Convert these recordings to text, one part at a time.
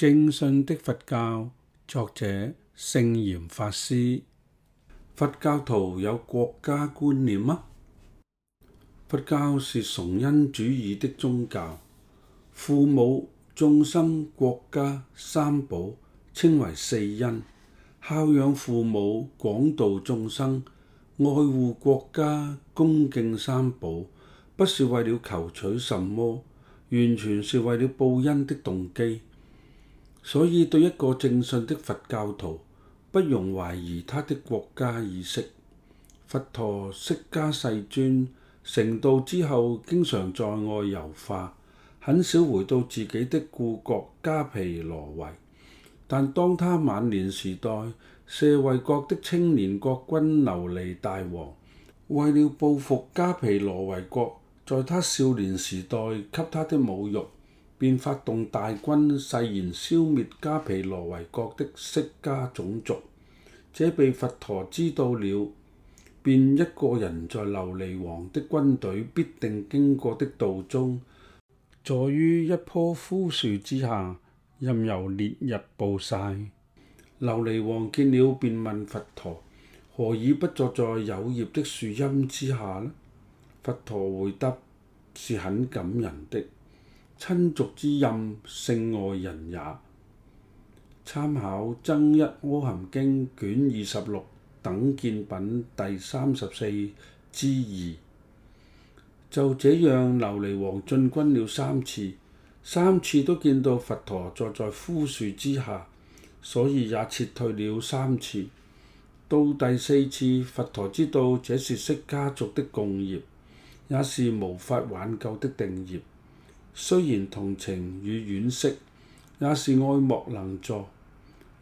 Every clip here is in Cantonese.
正信的佛教，作者聖嚴法師。佛教徒有國家觀念嗎？佛教是崇恩主義的宗教，父母、眾生、國家三寶稱為四恩。孝養父母、廣度眾生、愛護國家、恭敬三寶，不是為了求取什麼，完全是為了報恩的動機。所以對一個正信的佛教徒，不容懷疑他的國家意識。佛陀釋迦世尊成道之後，經常在外遊化，很少回到自己的故國迦毗羅衛。但當他晚年時代，舍衛國的青年國君琉璃大王，為了報復迦毗羅衛國在他少年時代給他的侮辱。便發動大軍，誓言消滅迦毗羅衛國的釋迦種族。這被佛陀知道了，便一個人在琉璃王的軍隊必定經過的道中，坐於一棵枯樹之下，任由烈日暴曬。琉璃王見了，便問佛陀：何以不坐在有葉的樹蔭之下呢？佛陀回答是很感人的。親族之任，性外人也。參考《增一阿含經》卷二十六等見品第三十四之二。就這樣，琉璃王進軍了三次，三次都見到佛陀坐在枯樹之下，所以也撤退了三次。到第四次，佛陀知道這是釋家族的共業，也是無法挽救的定業。雖然同情與惋惜，也是愛莫能助。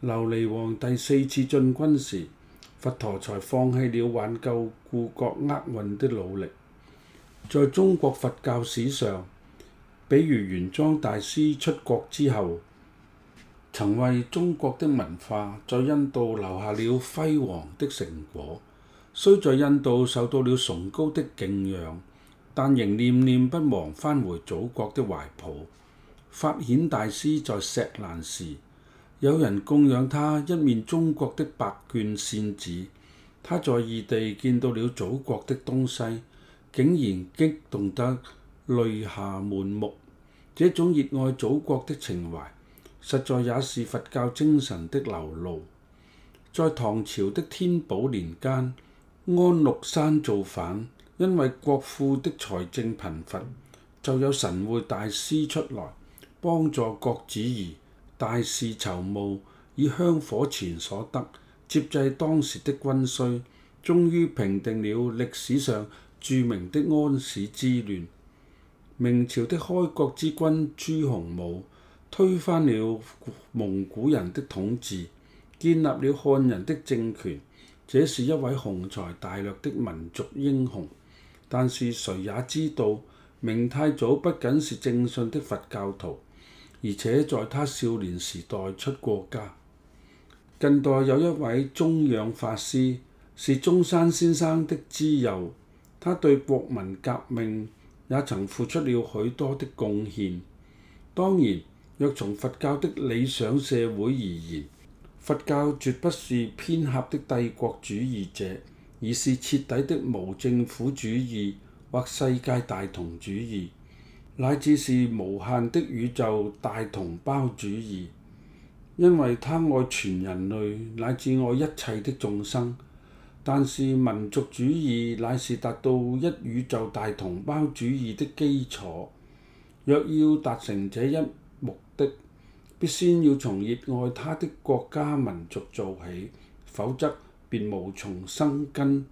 琉璃王第四次進軍時，佛陀才放棄了挽救故國厄運的努力。在中國佛教史上，比如玄奘大師出國之後，曾為中國的文化在印度留下了輝煌的成果，雖在印度受到了崇高的敬仰。但仍念念不忘返回祖國的懷抱。法顯大師在石蘭時，有人供養他一面中國的白卷扇子，他在異地見到了祖國的東西，竟然激動得淚下滿目。這種熱愛祖國的情懷，實在也是佛教精神的流露。在唐朝的天寶年間，安祿山造反。因為國庫的財政貧乏，就有神會大師出來幫助郭子儀大事籌募，以香火錢所得接濟當時的軍需，終於平定了歷史上著名的安史之亂。明朝的開國之君朱洪武推翻了蒙古人的統治，建立了漢人的政權。這是一位雄才大略的民族英雄。但是誰也知道，明太祖不僅是正信的佛教徒，而且在他少年時代出過家。近代有一位宗仰法師，是中山先生的知友，他對國民革命也曾付出了許多的貢獻。當然，若從佛教的理想社會而言，佛教絕不是偏狹的帝國主義者。而是徹底的無政府主義或世界大同主義，乃至是無限的宇宙大同胞主義，因為他愛全人類乃至愛一切的眾生。但是民族主義乃是達到一宇宙大同胞主義的基礎。若要達成這一目的，必先要從熱愛他的國家民族做起，否則，便無從生根。